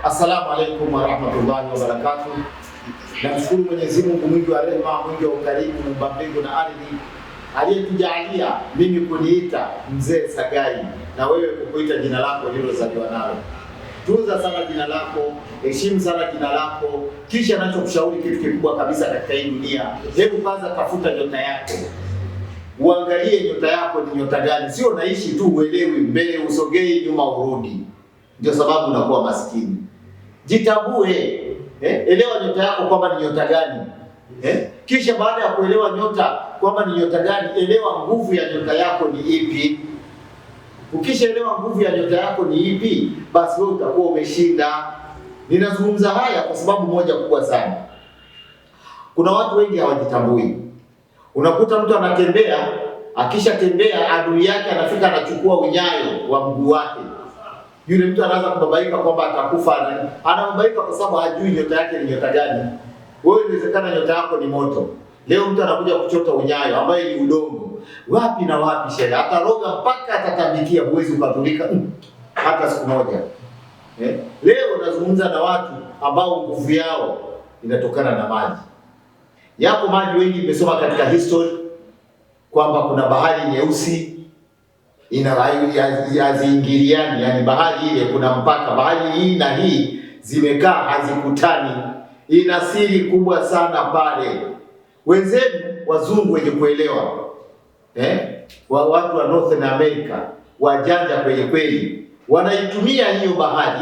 Assalamu alaikum warahmatullahi wabarakatuh. Namshukuru Mwenyezi Mungu mwingi wa rehema, mwingi wa ukarimu, mumba mbingu na ardhi, aliyetujalia mimi kuniita mzee Sagai na wewe kukuita jina lako lilozaliwa nalo. Tunza sana jina lako, heshimu sana jina lako. Kisha nachokushauri kitu kikubwa kabisa katika hii dunia, hebu kwanza tafuta nyota yako, uangalie nyota yako ni nyota gani. Sio naishi tu uelewi, mbele usogei, nyuma urudi. Ndio sababu unakuwa maskini. Jitambue eh? Elewa nyota yako kwamba ni nyota gani eh? Kisha baada ya kuelewa nyota kwamba ni nyota gani, elewa nguvu ya nyota yako ni ipi. Ukishaelewa nguvu ya nyota yako ni ipi, basi wewe utakuwa umeshinda. Ninazungumza haya kwa sababu moja kubwa sana, kuna watu wengi hawajitambui. Unakuta mtu anatembea, akishatembea adui yake anafika anachukua unyayo wa mguu wake yule mtu anaanza kubabaika kwamba atakufa, anababaika kwa sababu hajui nyota yake ni nyota gani. Wewe inawezekana nyota yako ni moto. Leo mtu anakuja kuchota unyayo ambaye ni udongo, wapi na wapi shehe, ataroga mpaka atatambikia, huwezi ukatulika mm, hata siku moja eh? Leo nazungumza na watu ambao nguvu yao inatokana na maji. Yapo maji, wengi mmesoma katika history kwamba kuna bahari nyeusi haziingiliani, yani bahari ile kuna mpaka, bahari hii na hii zimekaa hazikutani. Ina siri kubwa sana pale. Wenzenu wazungu wenye kuelewa eh, wa watu wa North America wajanja kwenye kweli, wanaitumia hiyo bahari,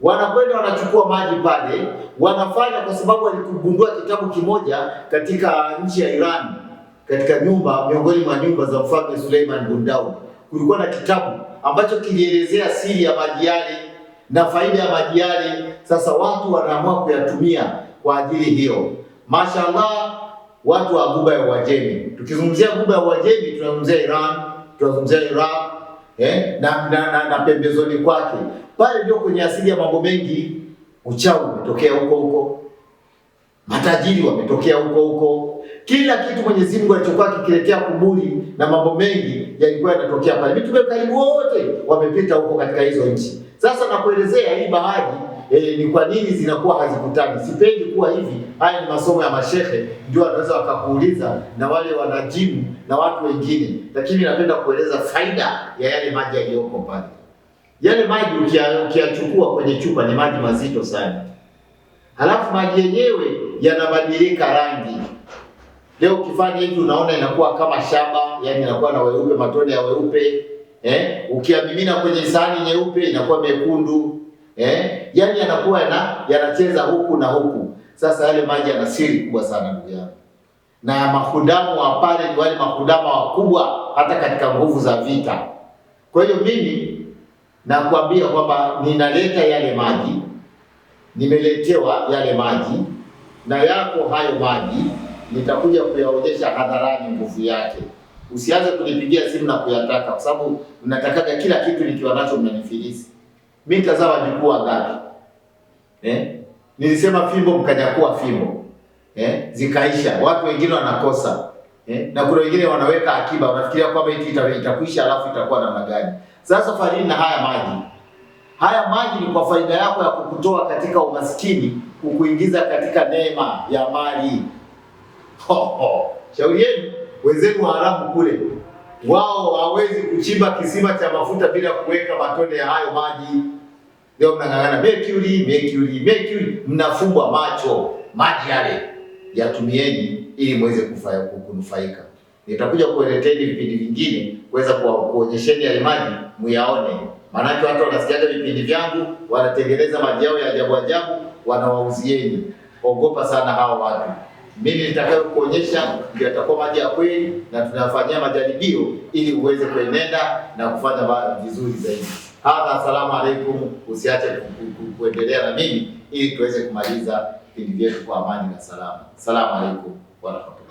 wanakwenda wanachukua maji pale, wanafanya kwa sababu walikugundua kitabu kimoja katika nchi ya Iran katika nyumba miongoni mwa nyumba za mfalme Suleiman bin kulikuwa na kitabu ambacho kilielezea siri ya maji yale na faida ya maji yale. Sasa watu wanaamua kuyatumia kwa ajili hiyo. Mashallah, watu wa Ghuba ya Uajemi. Tukizungumzia Ghuba ya Uajemi tunazungumzia Iran, tunazungumzia Iraq eh, na, na, na, na pembezoni kwake pale ndio kwenye asili ya mambo mengi. Uchawi umetokea huko huko, matajiri wametokea huko huko kila kitu Mwenyezi Mungu alichokuwa kikiletea kuburi na mambo mengi yalikuwa yanatokea pale. Mitume karibu wote wamepita huko katika hizo nchi. Sasa nakuelezea hii bahari E, ni kwa nini zinakuwa hazikutani? Sipendi kuwa hivi. Haya ni masomo ya mashehe, ndio wanaweza wakakuuliza na wale wanajimu na watu wengine, lakini napenda kueleza faida ya yale maji yaliyoko pale. Yale maji ukiyachukua kwenye chupa ni maji mazito sana, halafu maji yenyewe yanabadilika rangi. Leo ukifanya hivi unaona inakuwa kama shaba, yani inakuwa na weupe, matone ya weupe eh. Ukiamimina kwenye sahani nyeupe inakuwa mekundu eh, yani yanakuwa na yanacheza huku na huku. Sasa yale maji yana siri kubwa sana ndugu yangu, na mahudamu wa pale ni wale mahudamu wakubwa hata katika nguvu za vita. Kwa hiyo mimi nakwambia kwamba ninaleta yale maji, nimeletewa yale maji na yako hayo maji nitakuja kuyaonyesha hadharani nguvu yake. Usianze kunipigia simu na kuyataka, kwa sababu mnatakaga kila kitu nikiwa nacho mnanifilisi. Mimi nitazaa wajukuu wangapi? Eh? Nilisema fimbo mkanyakuwa fimbo. Eh? Zikaisha. Watu wengine wanakosa. Eh? Na kuna wengine wanaweka akiba, wanafikiria kwamba hiki itakwisha alafu itakuwa namna gani. Sasa safari na haya maji. Haya maji ni kwa faida yako ya kukutoa katika umaskini, kukuingiza katika neema ya mali. Shauri yenu, wenzenu Waarabu kule wao hawawezi kuchimba kisima cha mafuta bila kuweka matone ya hayo maji. Leo mnang'ang'ana mercury, mercury, mercury, mnafumbwa macho. Maji yale yatumieni ili muweze kunufaika. Nitakuja kueleteni vipindi vingine kuweza kuonyesheni yale maji muyaone, maanake watu wanasikiaga vipindi vyangu wanatengeneza maji yao ya ajabu ajabu, wanawauzieni. Ogopa sana hao watu mimi nitakayo kuonyesha ndio atakuwa maji ya kweli, na tunafanyia majaribio ili uweze kuenenda na kufanya vizuri zaidi. Hadha, asalamu alaikum. Usiache kuendelea na mimi ili tuweze kumaliza vipindi vyetu kwa amani na salama. Salamu alaikum warahmatullahi